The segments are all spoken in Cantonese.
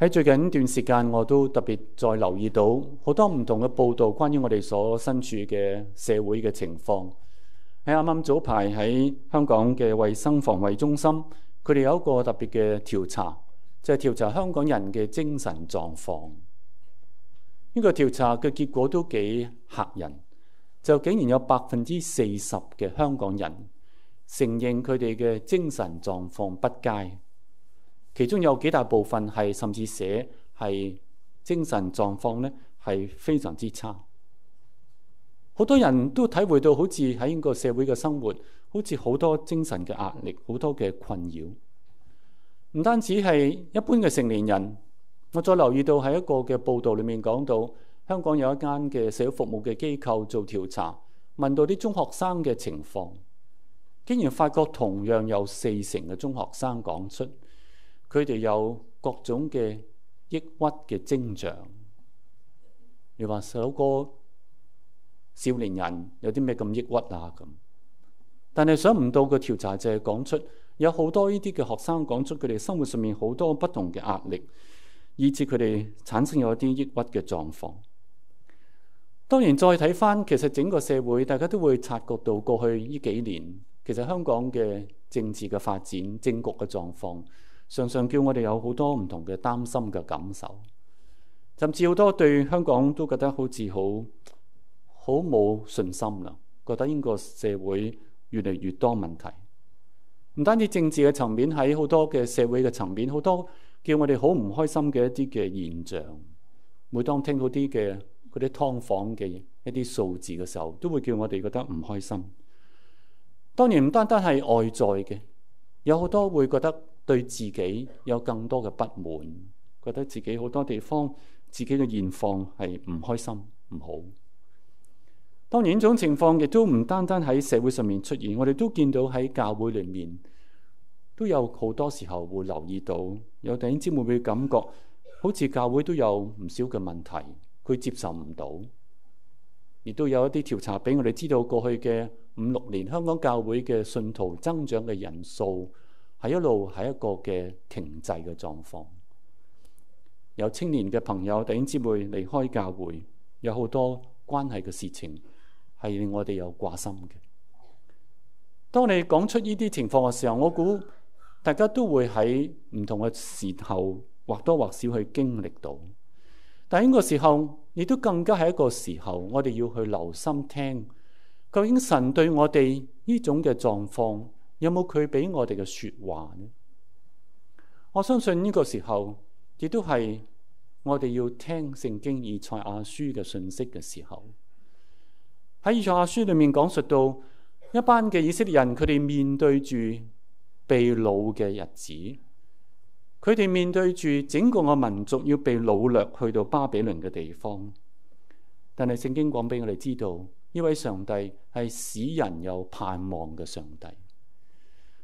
喺最近一段時間，我都特別再留意到好多唔同嘅報道，關於我哋所身處嘅社會嘅情況。喺啱啱早排喺香港嘅衛生防衞中心，佢哋有一個特別嘅調查，就係調查香港人嘅精神狀況。呢個調查嘅結果都幾嚇人，就竟然有百分之四十嘅香港人承認佢哋嘅精神狀況不佳。其中有幾大部分係甚至寫係精神狀況呢，係非常之差。好多人都體會到，好似喺呢個社會嘅生活，好似好多精神嘅壓力，好多嘅困擾。唔單止係一般嘅成年人，我再留意到喺一個嘅報道裡面講到，香港有一間嘅社會服務嘅機構做調查，問到啲中學生嘅情況，竟然發覺同樣有四成嘅中學生講出。佢哋有各種嘅抑鬱嘅徵象。你話首個少年人有啲咩咁抑鬱啊？咁，但係想唔到個調查就係講出有好多呢啲嘅學生講出佢哋生活上面好多不同嘅壓力，以至佢哋產生有一啲抑鬱嘅狀況。當然再睇翻，其實整個社會大家都會察覺到過去呢幾年其實香港嘅政治嘅發展，政局嘅狀況。常常叫我哋有好多唔同嘅擔心嘅感受，甚至好多對香港都覺得好似好好冇信心啦。覺得呢個社會越嚟越多問題，唔單止政治嘅層面，喺好多嘅社會嘅層面，好多叫我哋好唔開心嘅一啲嘅現象。每當聽到啲嘅嗰啲劏房嘅一啲數字嘅時候，都會叫我哋覺得唔開心。當然唔單單係外在嘅，有好多會覺得。對自己有更多嘅不滿，覺得自己好多地方自己嘅現況係唔開心、唔好。當然，呢種情況亦都唔單單喺社會上面出現，我哋都見到喺教會裏面都有好多時候會留意到，有弟兄姊妹會感覺好似教會都有唔少嘅問題，佢接受唔到，亦都有一啲調查俾我哋知道過去嘅五六年香港教會嘅信徒增長嘅人數。係一路係一個嘅停滯嘅狀況，有青年嘅朋友突然之間會離開教會，有好多關係嘅事情係令我哋有掛心嘅。當你講出呢啲情況嘅時候，我估大家都會喺唔同嘅時候或多或少去經歷到。但係呢個時候，亦都更加係一個時候，我哋要去留心聽，究竟神對我哋呢種嘅狀況。有冇佢俾我哋嘅說話呢？我相信呢個時候亦都係我哋要聽聖經以賽亞書嘅信息嘅時候。喺以賽亞書裏面講述到一班嘅以色列人，佢哋面對住被擄嘅日子，佢哋面對住整個個民族要被擄掠去到巴比倫嘅地方。但係聖經講俾我哋知道，呢位上帝係使人有盼望嘅上帝。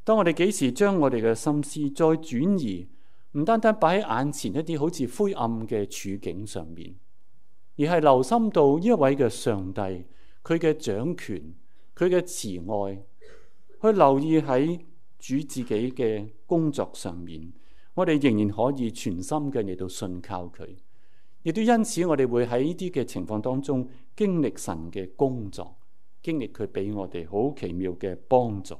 當我哋幾時將我哋嘅心思再轉移，唔單單擺喺眼前一啲好似灰暗嘅處境上面，而係留心到呢一位嘅上帝，佢嘅掌權，佢嘅慈愛，去留意喺主自己嘅工作上面，我哋仍然可以全心嘅嚟到信靠佢，亦都因此我哋會喺呢啲嘅情況當中經歷神嘅工作，經歷佢俾我哋好奇妙嘅幫助。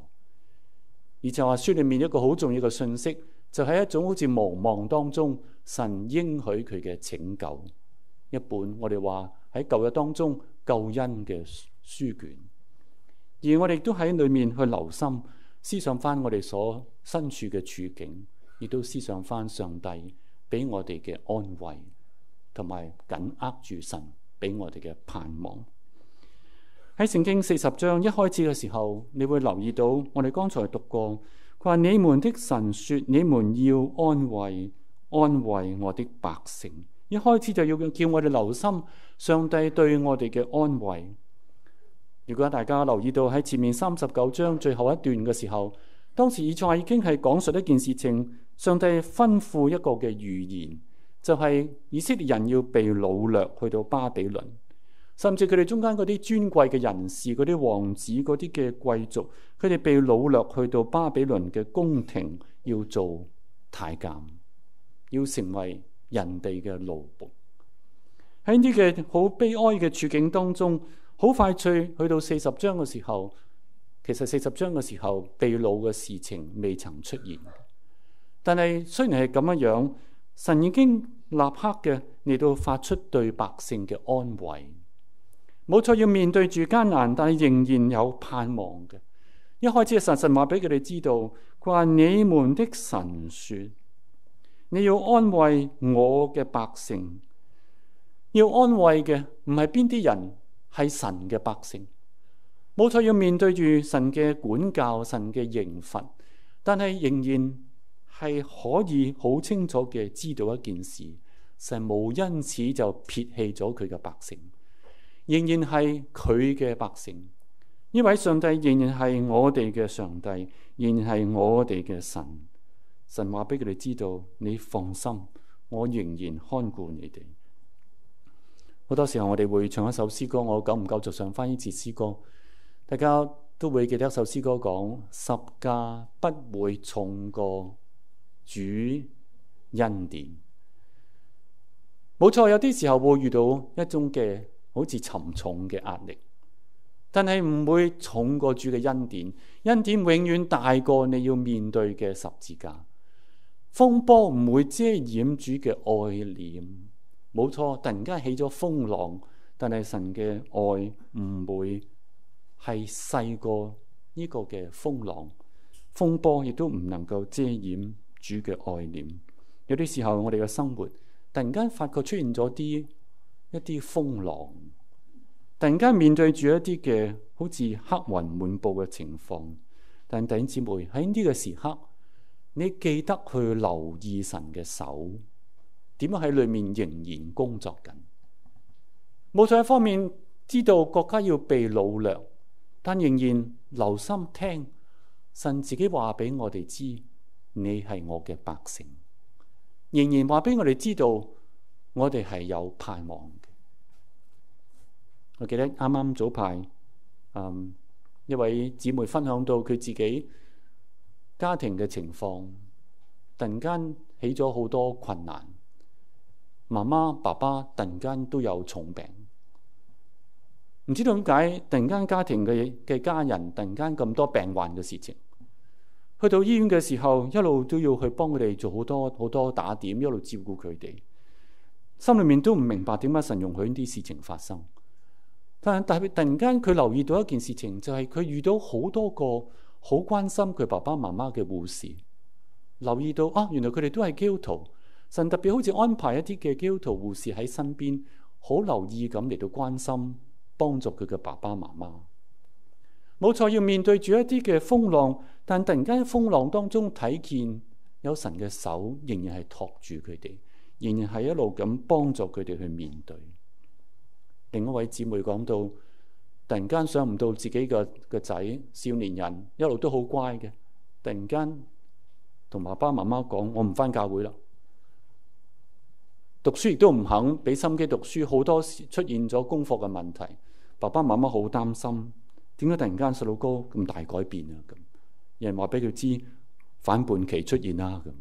而就話書裏面一個好重要嘅信息，就係一種好似無望當中，神應許佢嘅拯救。一本我哋話喺舊約當中救恩嘅書卷，而我哋都喺裏面去留心思想翻我哋所身處嘅處境，亦都思想翻上，上帝俾我哋嘅安慰，同埋緊握住神俾我哋嘅盼望。喺聖經四十章一開始嘅時候，你會留意到我哋剛才讀過，佢話你們的神說，你們要安慰安慰我的百姓。一開始就要叫我哋留心上帝對我哋嘅安慰。如果大家留意到喺前面三十九章最後一段嘅時候，當時以賽已經係講述一件事情，上帝吩咐一個嘅預言，就係以色列人要被擄掠去到巴比倫。甚至佢哋中間嗰啲尊貴嘅人士，嗰啲王子，嗰啲嘅貴族，佢哋被擄掠去到巴比倫嘅宮廷，要做太監，要成為人哋嘅奴僕。喺呢啲嘅好悲哀嘅處境當中，好快脆去，去到四十章嘅時候，其實四十章嘅時候被擄嘅事情未曾出現。但係雖然係咁樣樣，神已經立刻嘅嚟到發出對百姓嘅安慰。冇錯，要面對住艱難，但係仍然有盼望嘅。一開始係神神話俾佢哋知道，佢話你們的神說，你要安慰我嘅百姓，要安慰嘅唔係邊啲人，係神嘅百姓。冇錯，要面對住神嘅管教、神嘅刑罰，但係仍然係可以好清楚嘅知道一件事，神無因此就撇棄咗佢嘅百姓。仍然係佢嘅百姓，呢位上帝仍然係我哋嘅上帝，仍然係我哋嘅神。神話俾佢哋知道，你放心，我仍然看顧你哋。好多時候我哋會唱一首詩歌，我夠唔夠做上翻一次詩歌，大家都會記得一首詩歌講十架不會重過主恩典。冇錯，有啲時候會遇到一種嘅。好似沉重嘅壓力，但係唔會重過主嘅恩典，恩典永遠大過你要面對嘅十字架。風波唔會遮掩主嘅愛念，冇錯。突然間起咗風浪，但係神嘅愛唔會係細過呢個嘅風浪。風波亦都唔能夠遮掩主嘅愛念。有啲時候我哋嘅生活突然間發覺出現咗啲。一啲風浪，突然間面對住一啲嘅好似黑雲滿布嘅情況，但弟兄姊妹喺呢個時刻，你記得去留意神嘅手，點樣喺裏面仍然工作緊。冇錯，一方面知道國家要被擄掠，但仍然留心聽神自己話俾我哋知，你係我嘅百姓，仍然話俾我哋知道，我哋係有盼望。我記得啱啱早排，嗯，一位姊妹分享到佢自己家庭嘅情況，突然間起咗好多困難，媽媽、爸爸突然間都有重病，唔知道點解突然間家庭嘅嘅家人突然間咁多病患嘅事情。去到醫院嘅時候，一路都要去幫佢哋做好多好多打點，一路照顧佢哋，心裏面都唔明白點解神容許呢啲事情發生。但係特別突然間，佢留意到一件事情，就係佢遇到好多個好關心佢爸爸媽媽嘅護士，留意到啊，原來佢哋都係基督徒。神特別好似安排一啲嘅基督徒護士喺身邊，好留意咁嚟到關心幫助佢嘅爸爸媽媽。冇錯，要面對住一啲嘅風浪，但突然間風浪當中睇見有神嘅手仍，仍然係托住佢哋，仍然係一路咁幫助佢哋去面對。另一位姐妹講到，突然間想唔到自己嘅個仔少年人一路都好乖嘅，突然間同爸爸媽媽講：我唔翻教會啦，讀書亦都唔肯俾心機讀書，好多時出現咗功課嘅問題。爸爸媽媽好擔心，點解突然間細路哥咁大改變啊？咁有人話俾佢知反叛期出現啦。咁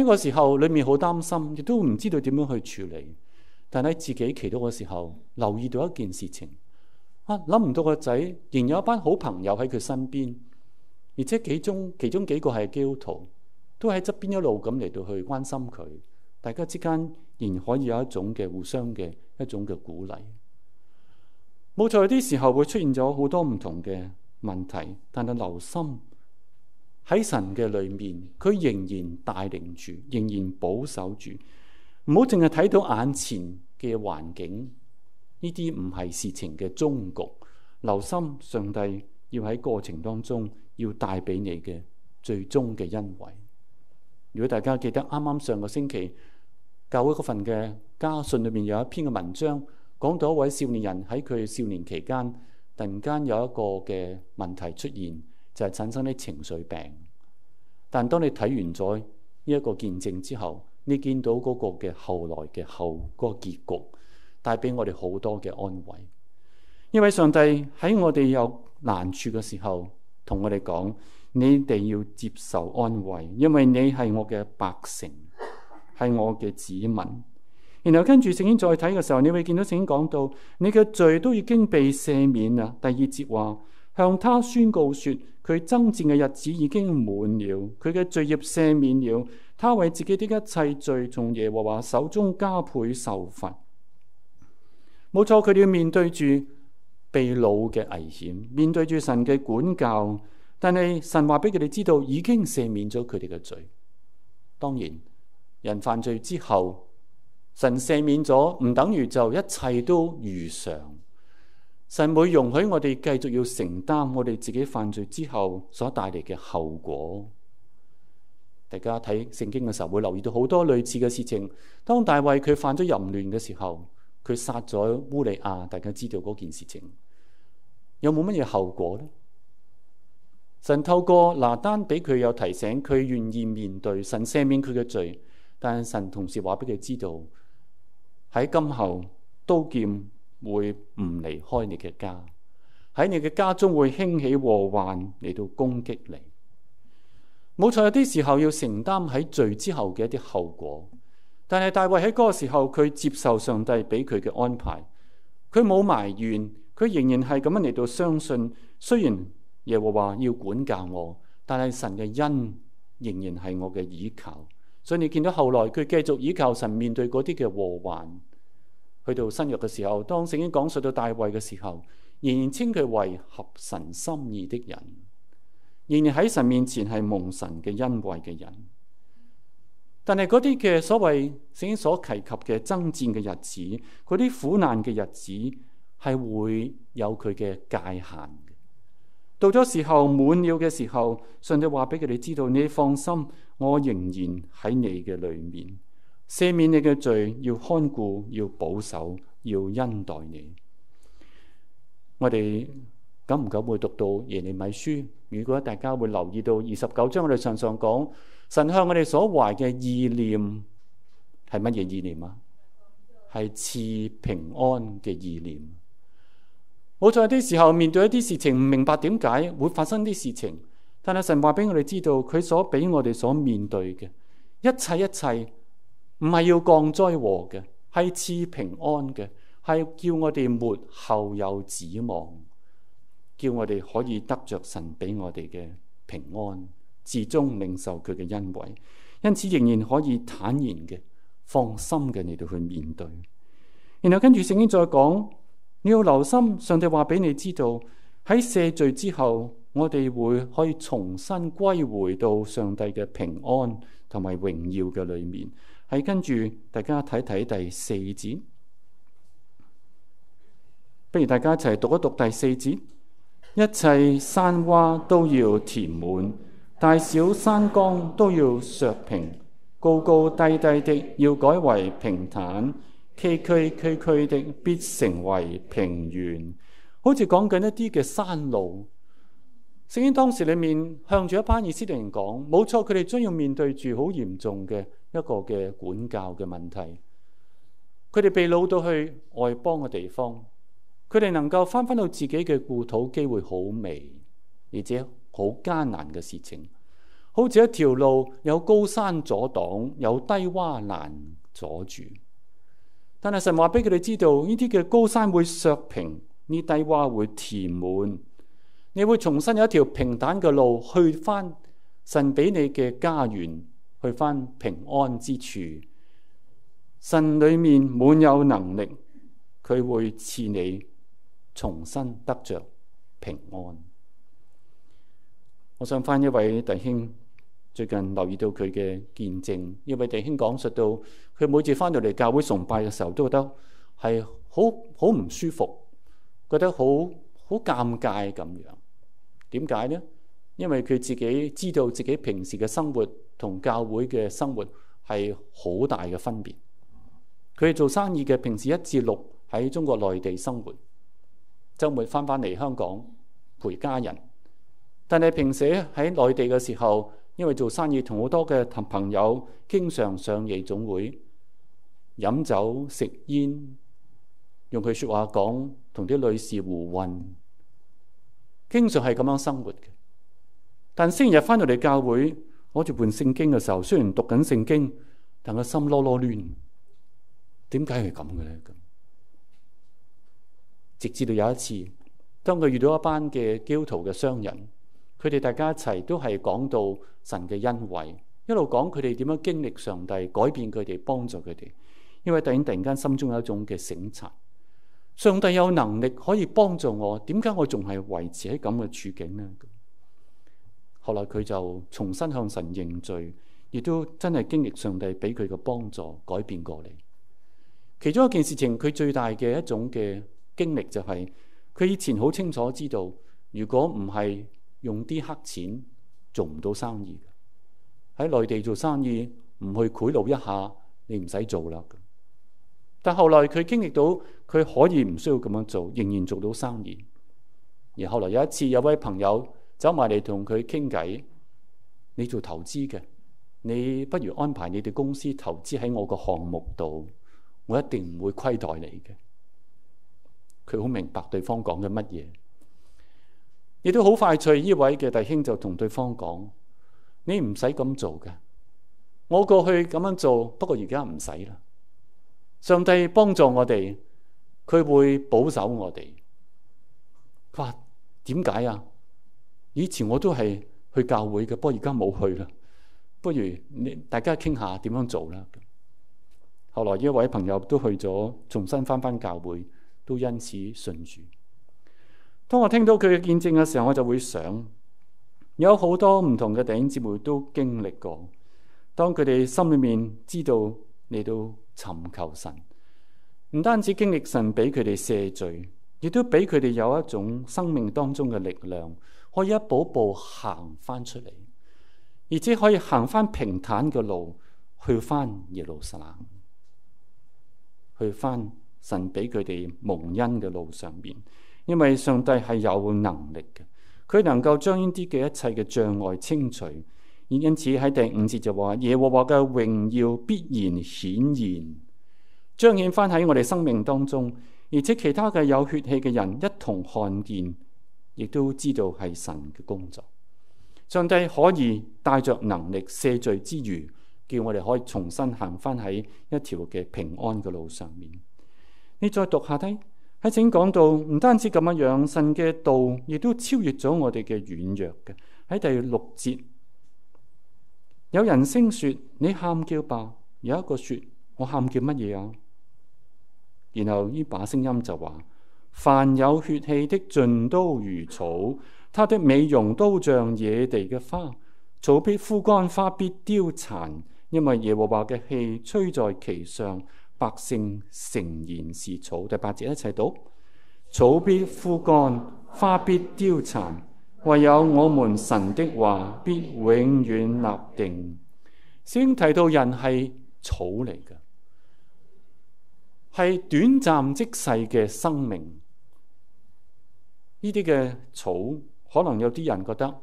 喺個時候裡面好擔心，亦都唔知道點樣去處理。但喺自己祈禱嘅時候，留意到一件事情啊，諗唔到個仔仍有一班好朋友喺佢身邊，而且其中其中幾個係基督徒，都喺側邊一路咁嚟到去關心佢。大家之間仍然可以有一種嘅互相嘅一種嘅鼓勵。冇錯，有啲時候會出現咗好多唔同嘅問題，但係留心喺神嘅裏面，佢仍然帶領住，仍然保守住，唔好淨係睇到眼前嘅環境，呢啲唔係事情嘅終局。留心，上帝要喺過程當中要帶俾你嘅最終嘅恩惠。如果大家記得啱啱上個星期教會嗰份嘅家信裏面有一篇嘅文章，講到一位少年人喺佢少年期間突然間有一個嘅問題出現，就係、是、產生啲情緒病。但當你睇完咗呢一個見證之後，你見到嗰個嘅後來嘅後嗰個結局，帶俾我哋好多嘅安慰。因為上帝喺我哋有難處嘅時候，同我哋講：你哋要接受安慰，因為你係我嘅百姓，係我嘅子民。然後跟住聖經再睇嘅時候，你會見到聖經講到你嘅罪都已經被赦免啦。第二節話。向他宣告說，佢征戰嘅日子已經滿了，佢嘅罪孽赦免了。他為自己的一切罪從耶和華手中加倍受罰。冇錯，佢哋要面對住被擄嘅危險，面對住神嘅管教。但係神話俾佢哋知道，已經赦免咗佢哋嘅罪。當然，人犯罪之後，神赦免咗，唔等於就一切都如常。神會容許我哋繼續要承擔我哋自己犯罪之後所帶嚟嘅後果。大家睇聖經嘅時候會留意到好多類似嘅事情。當大衛佢犯咗淫亂嘅時候，佢殺咗烏利亞，大家知道嗰件事情，有冇乜嘢後果呢？神透過拿單俾佢有提醒，佢願意面對神赦免佢嘅罪，但係神同時話俾佢知道喺今後刀劍。會唔離開你嘅家，喺你嘅家中會興起禍患嚟到攻擊你。冇錯，有啲時候要承擔喺罪之後嘅一啲後果。但係大衛喺嗰個時候，佢接受上帝俾佢嘅安排，佢冇埋怨，佢仍然係咁樣嚟到相信。雖然耶和華要管教我，但係神嘅恩仍然係我嘅倚靠。所以你見到後來佢繼續倚靠神面對嗰啲嘅禍患。去到新約嘅時候，當聖經講述到大衛嘅時候，仍然稱佢為合神心意的人，仍然喺神面前係蒙神嘅恩惠嘅人。但係嗰啲嘅所謂聖經所提及嘅爭戰嘅日子，嗰啲苦難嘅日子，係會有佢嘅界限。到咗時候滿了嘅時候，上帝話俾佢哋知道：你放心，我仍然喺你嘅裏面。赦免你嘅罪，要看顧，要保守，要恩待你。我哋久唔久會讀到耶利米書，如果大家會留意到二十九章我上上，我哋常常講神向我哋所懷嘅意念係乜嘢意念啊？係賜平安嘅意念。意念意念好在啲時候面對一啲事情唔明白點解會發生啲事情，但係神話俾我哋知道佢所俾我哋所面對嘅一切一切。唔係要降災禍嘅，係賜平安嘅，係叫我哋末後有指望，叫我哋可以得着神俾我哋嘅平安，至終領受佢嘅恩惠。因此仍然可以坦然嘅、放心嘅嚟到去面對。然後跟住聖經再講，你要留心，上帝話俾你知道喺赦罪之後，我哋會可以重新歸回到上帝嘅平安同埋榮耀嘅裏面。係跟住大家睇睇第四節，不如大家一齊讀一讀第四節。一切山洼都要填滿，大小山崗都要削平，高高低低的要改為平坦，崎嶇崎嶇的必成為平原。好似講緊一啲嘅山路。聖經當時裏面向住一班以色列人講：冇錯，佢哋將要面對住好嚴重嘅，一個嘅管教嘅問題，佢哋被擄到去外邦嘅地方，佢哋能夠翻返到自己嘅故土，機會好微，而且好艱難嘅事情，好似一條路有高山阻擋，有低洼難阻住。但係神話俾佢哋知道，呢啲嘅高山會削平，呢低洼會填滿，你會重新有一條平坦嘅路去翻神俾你嘅家園。去返平安之處，神裏面滿有能力，佢會賜你重新得着平安。我想返一位弟兄，最近留意到佢嘅見證，一位弟兄講述到，佢每次返到嚟教會崇拜嘅時候，都覺得係好好唔舒服，覺得好好尷尬咁樣。點解呢？因為佢自己知道自己平時嘅生活同教會嘅生活係好大嘅分別。佢做生意嘅平時一至六喺中國內地生活，週末翻返嚟香港陪家人。但係平時喺內地嘅時候，因為做生意，同好多嘅朋友經常上夜總會飲酒食煙，用佢説話講同啲女士胡混，經常係咁樣生活嘅。但星期日翻到嚟教會，攞住本聖經嘅時候，雖然讀緊聖經，但我心囉囉攣。點解係咁嘅咧？直至到有一次，當佢遇到一班嘅基督徒嘅商人，佢哋大家一齊都係講到神嘅恩惠，一路講佢哋點樣經歷上帝改變佢哋，幫助佢哋。因為突然突然間心中有一種嘅醒察，「上帝有能力可以幫助我，點解我仲係維持喺咁嘅處境呢？」後來佢就重新向神認罪，亦都真係經歷上帝俾佢嘅幫助，改變過嚟。其中一件事情，佢最大嘅一種嘅經歷就係、是，佢以前好清楚知道，如果唔係用啲黑錢做唔到生意，喺內地做生意唔去賄賂一下，你唔使做啦。但後來佢經歷到，佢可以唔需要咁樣做，仍然做到生意。而後來有一次，有位朋友。走埋嚟同佢傾偈，你做投資嘅，你不如安排你哋公司投資喺我個項目度，我一定唔會虧待你嘅。佢好明白對方講嘅乜嘢，亦都好快脆。呢位嘅弟兄就同對方講：「你唔使咁做嘅，我過去咁樣做，不過而家唔使啦。上帝幫助我哋，佢會保守我哋。」佢話：點解啊？以前我都係去教會嘅，不過而家冇去啦。不如你大家傾下點樣做啦。後來一位朋友都去咗，重新翻翻教會，都因此信主。當我聽到佢嘅見證嘅時候，我就會想有好多唔同嘅弟兄姊妹都經歷過。當佢哋心裏面知道你都尋求神，唔單止經歷神俾佢哋赦罪，亦都俾佢哋有一種生命當中嘅力量。可以一步步行翻出嚟，而且可以行翻平坦嘅路去翻耶路撒冷，去翻神俾佢哋蒙恩嘅路上面。因為上帝係有能力嘅，佢能夠將呢啲嘅一切嘅障礙清除。而因此喺第五節就話，耶和華嘅榮耀必然顯現，彰顯翻喺我哋生命當中，而且其他嘅有血氣嘅人一同看見。亦都知道係神嘅工作，上帝可以帶着能力赦罪之餘，叫我哋可以重新行翻喺一條嘅平安嘅路上面。你再讀下咧，喺請講到唔單止咁嘅樣，神嘅道亦都超越咗我哋嘅軟弱嘅。喺第六節，有人聲說，你喊叫吧。有一個說，我喊叫乜嘢啊？然後呢把聲音就話。凡有血氣的，盡都如草；他的美容都像野地嘅花。草必枯乾，花必凋殘，因為耶和華嘅氣吹在其上。百姓誠然是草。第八節一齊讀：草必枯乾，花必凋殘。唯有我們神的話必永遠立定。先提到人係草嚟㗎，係短暫即逝嘅生命。呢啲嘅草，可能有啲人覺得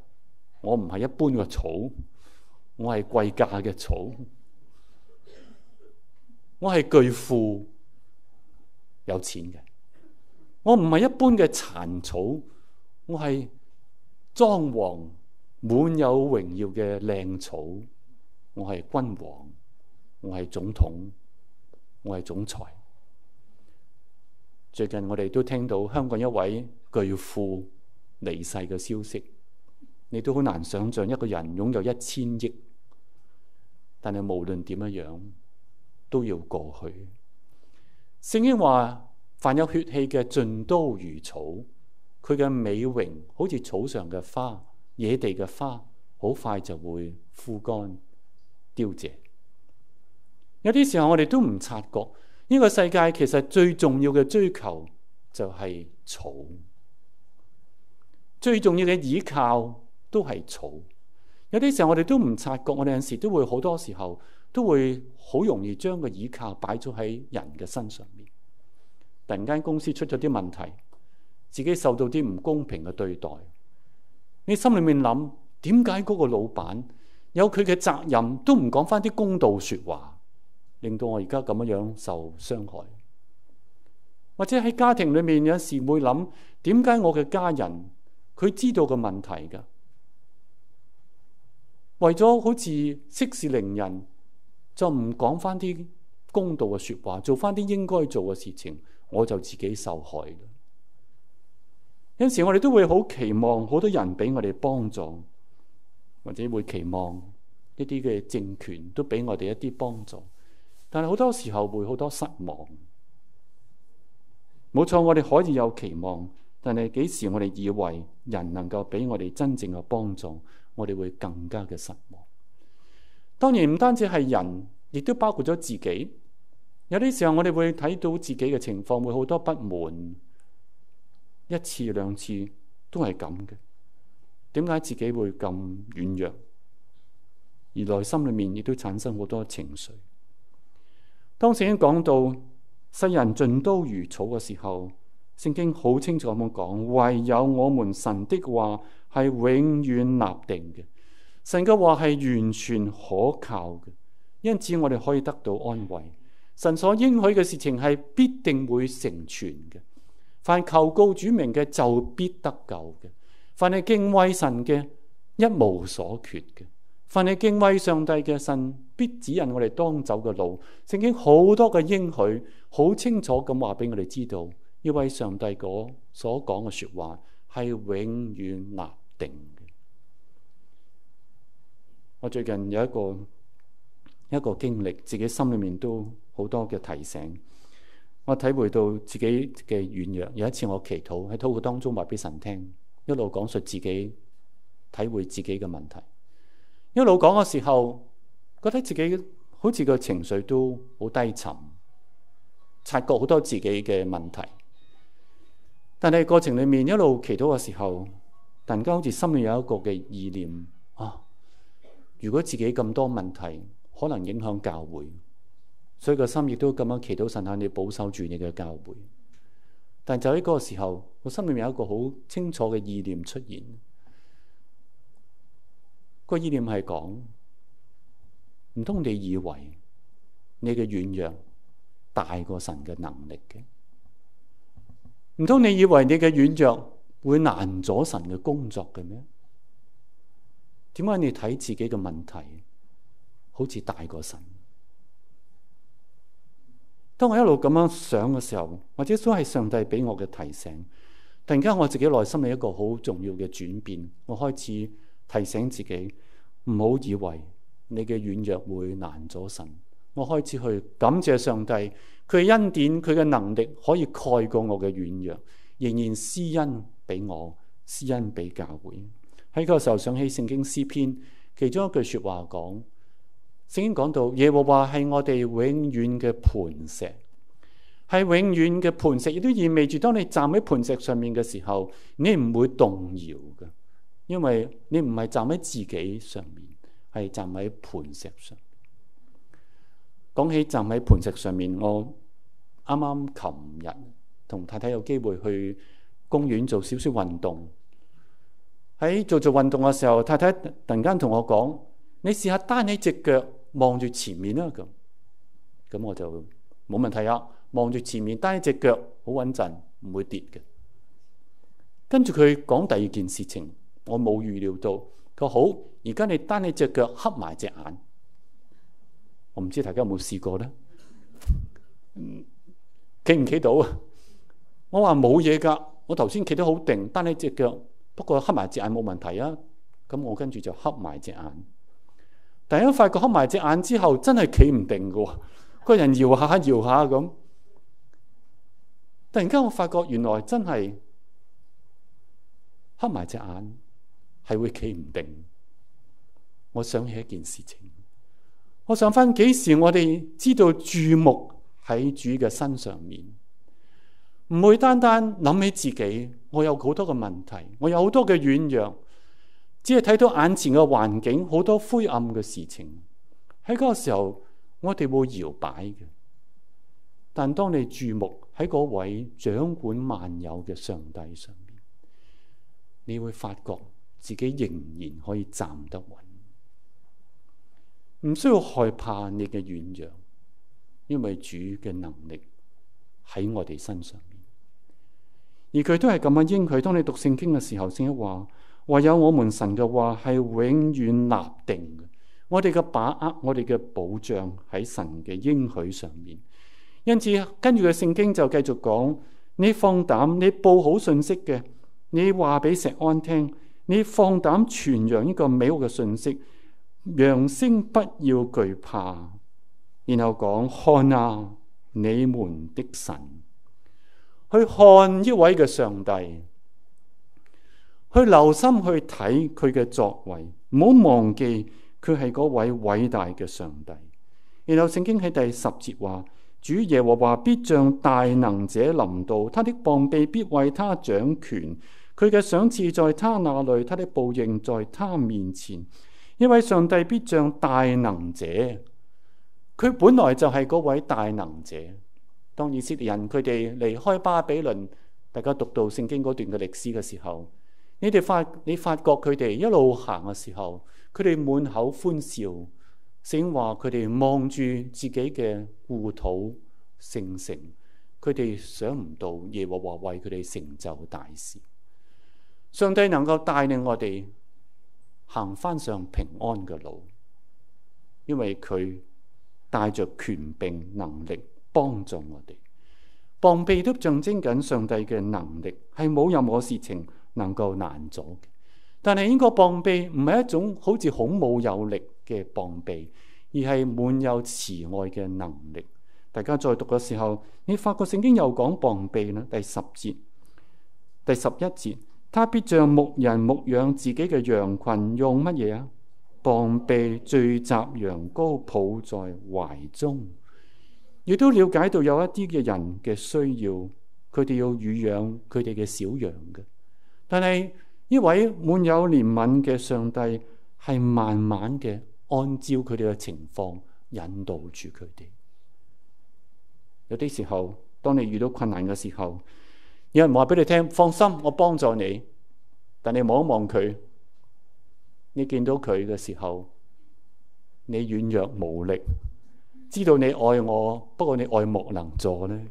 我唔係一般嘅草，我係貴價嘅草，我係巨富，有錢嘅，我唔係一般嘅殘草，我係莊王滿有榮耀嘅靚草，我係君王，我係總統，我係總裁。最近我哋都聽到香港一位巨富離世嘅消息，你都好難想象一個人擁有一千億，但係無論點樣都要過去。聖經話：凡有血氣嘅，盡都如草，佢嘅美榮好似草上嘅花，野地嘅花，好快就會枯乾凋謝。有啲時候我哋都唔察覺，呢個世界其實最重要嘅追求就係草。最重要嘅倚靠都係草。有啲時候我哋都唔察覺，我哋有時都會好多時候都會好容易將個倚靠擺咗喺人嘅身上面。突然間公司出咗啲問題，自己受到啲唔公平嘅對待，你心裏面諗點解嗰個老闆有佢嘅責任都唔講翻啲公道說話，令到我而家咁樣受傷害？或者喺家庭裏面有時會諗點解我嘅家人？佢知道個問題噶為咗好似息事寧人，就唔講翻啲公道嘅說話，做翻啲應該做嘅事情，我就自己受害啦。有時我哋都會好期望好多人俾我哋幫助，或者會期望一啲嘅政權都俾我哋一啲幫助，但係好多時候會好多失望。冇錯，我哋可以有期望。但係幾時我哋以為人能夠俾我哋真正嘅幫助，我哋會更加嘅失望。當然唔單止係人，亦都包括咗自己。有啲時候我哋會睇到自己嘅情況，會好多不滿，一次兩次都係咁嘅。點解自己會咁軟弱？而內心裏面亦都產生好多情緒。當時已經講到世人盡都如草嘅時候。聖經好清楚咁講，唯有我們神的話係永遠立定嘅。神嘅話係完全可靠嘅，因此我哋可以得到安慰。神所應許嘅事情係必定會成全嘅。凡求告主名嘅就必得救嘅。凡係敬畏神嘅一無所缺嘅。凡係敬畏上帝嘅，神必指引我哋當走嘅路。聖經好多嘅應許，好清楚咁話俾我哋知道。要為上帝所所講嘅說話係永遠立定。我最近有一個一個經歷，自己心裏面都好多嘅提醒。我體會到自己嘅軟弱。有一次我祈禱喺禱告當中話俾神聽，一路講述自己體會自己嘅問題，一路講嘅時候，覺得自己好似個情緒都好低沉，察覺好多自己嘅問題。但係過程裏面一路祈禱嘅時候，突然間好似心裏有一個嘅意念，哦、啊，如果自己咁多問題，可能影響教會，所以個心亦都咁樣祈禱神啊，你保守住你嘅教會。但就喺嗰個時候，我心裏面有一個好清楚嘅意念出現，個意念係講，唔通你以為你嘅軟弱大過神嘅能力嘅？唔通你以為你嘅軟弱會難咗神嘅工作嘅咩？點解你睇自己嘅問題好似大過神？當我一路咁樣想嘅時候，或者都係上帝俾我嘅提醒。突然間我自己內心係一個好重要嘅轉變，我開始提醒自己唔好以為你嘅軟弱會難咗神。我開始去感謝上帝。佢恩典，佢嘅能力可以蓋過我嘅軟弱，仍然施恩俾我，施恩俾教會。喺嗰個時候想起聖經詩篇，其中一句說話講，聖經講到耶和華係我哋永遠嘅磐石，係永遠嘅磐石，亦都意味住當你站喺磐石上面嘅時候，你唔會動搖嘅，因為你唔係站喺自己上面，係站喺磐石上。講起站喺磐石上面，我啱啱琴日同太太有機會去公園做少少運動。喺做做運動嘅時候，太太突然間同我講：你試下單起隻腳望住前面啦。咁咁我就冇問題啊！望住前面單起一隻腳好穩陣，唔會跌嘅。跟住佢講第二件事情，我冇預料到。佢好，而家你單起隻腳，黑埋隻眼。我唔知大家有冇試過咧？企唔企到啊？我話冇嘢噶，我頭先企得好定，單係隻腳，不過黑埋隻眼冇問題啊。咁我跟住就黑埋隻眼，突然間發覺黑埋隻眼之後真係企唔定噶，個人搖下搖下咁。突然間我發覺原來真係黑埋隻眼係會企唔定。我想起一件事情。我想翻幾時，我哋知道注目喺主嘅身上面，唔會單單諗起自己。我有好多嘅問題，我有好多嘅軟弱，只係睇到眼前嘅環境，好多灰暗嘅事情。喺嗰個時候，我哋會搖擺嘅。但當你注目喺嗰位掌管萬有嘅上帝上面，你會發覺自己仍然可以站得穩。唔需要害怕你嘅軟弱，因為主嘅能力喺我哋身上面。而佢都係咁樣嘅應許。當你讀聖經嘅時候，先話唯有我們神嘅話係永遠立定嘅。我哋嘅把握，我哋嘅保障喺神嘅應許上面。因此，跟住嘅聖經就繼續講：你放膽，你報好信息嘅，你話俾錫安聽，你放膽傳揚呢個美好嘅信息。揚聲，揚不要懼怕。然後講看啊，你們的神，去看一位嘅上帝，去留心去睇佢嘅作為，唔好忘記佢係嗰位偉大嘅上帝。然後聖經喺第十節話：主耶和華必像大能者臨到，他的膀臂必為他掌權，佢嘅賞賜在他那裏，他的報應在他面前。呢位上帝必像大能者，佢本來就係嗰位大能者。當以色列人佢哋離開巴比倫，大家讀到聖經嗰段嘅歷史嘅時候，你哋發你發覺佢哋一路行嘅時候，佢哋滿口歡笑，醒話佢哋望住自己嘅故土聖城，佢哋想唔到耶和華為佢哋成就大事。上帝能夠帶領我哋。行翻上平安嘅路，因為佢帶着權柄能力幫助我哋。膀臂都象徵緊上帝嘅能力，係冇任何事情能夠難阻。但係呢個膀臂唔係一種好似孔武有力嘅膀臂，而係滿有慈愛嘅能力。大家再讀嘅時候，你發覺聖經又講膀臂啦，第十節、第十一節。他必像牧人牧養自己嘅羊群，用乜嘢啊？膀臂聚集羊羔，抱在懷中。亦都了解到有一啲嘅人嘅需要，佢哋要乳養佢哋嘅小羊嘅。但係呢位滿有憐憫嘅上帝，係慢慢嘅按照佢哋嘅情況引導住佢哋。有啲時候，當你遇到困難嘅時候。有人唔話俾你聽，放心，我幫助你。但你望一望佢，你見到佢嘅時候，你軟弱無力，知道你愛我，不過你愛莫能助呢。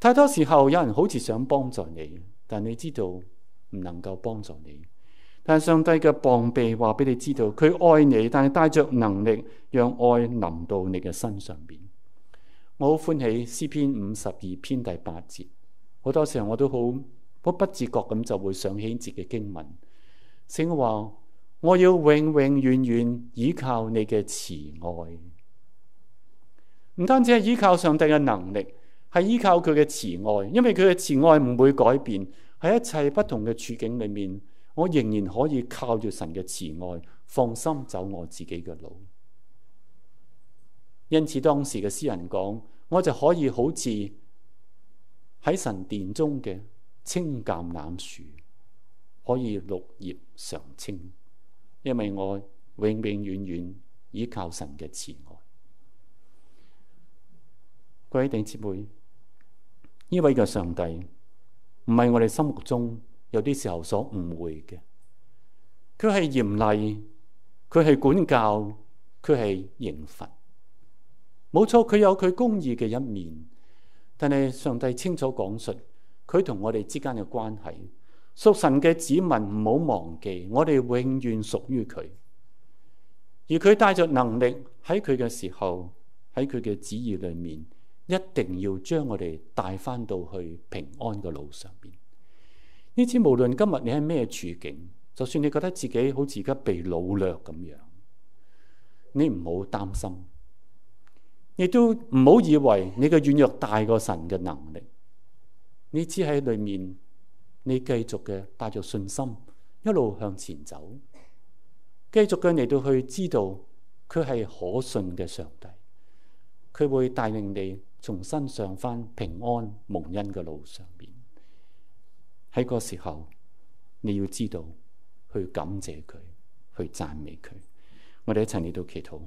太多時候，有人好似想幫助你，但你知道唔能夠幫助你。但上帝嘅膀臂話俾你知道，佢愛你，但係帶着能力，讓愛臨到你嘅身上邊。我好歡喜詩篇五十二篇第八節，好多時候我都好不不自覺咁就會想起自己經文，聖話我，我要永永遠遠倚靠你嘅慈愛，唔單止係依靠上帝嘅能力，係依靠佢嘅慈愛，因為佢嘅慈愛唔會改變，喺一切不同嘅處境裏面，我仍然可以靠住神嘅慈愛，放心走我自己嘅路。因此，當時嘅詩人講：我就可以好似喺神殿中嘅青橄欖樹，可以綠葉常青，因為我永永遠遠倚靠神嘅慈愛。各位弟兄姊妹，呢位嘅上帝，唔係我哋心目中有啲時候所誤會嘅。佢係嚴厲，佢係管教，佢係刑罰。冇錯，佢有佢公義嘅一面，但係上帝清楚講述佢同我哋之間嘅關係。屬神嘅子民唔好忘記，我哋永遠屬於佢。而佢帶着能力喺佢嘅時候，喺佢嘅旨意裏面，一定要將我哋帶翻到去平安嘅路上邊。呢次無論今日你係咩處境，就算你覺得自己好似而家被擄掠咁樣，你唔好擔心。亦都唔好以為你嘅軟弱大過神嘅能力，你只喺裏面，你繼續嘅帶着信心一路向前走，繼續嘅嚟到去知道佢係可信嘅上帝，佢會帶領你重新上翻平安蒙恩嘅路上面。喺個時候，你要知道去感謝佢，去讚美佢。我哋一齊嚟到祈禱。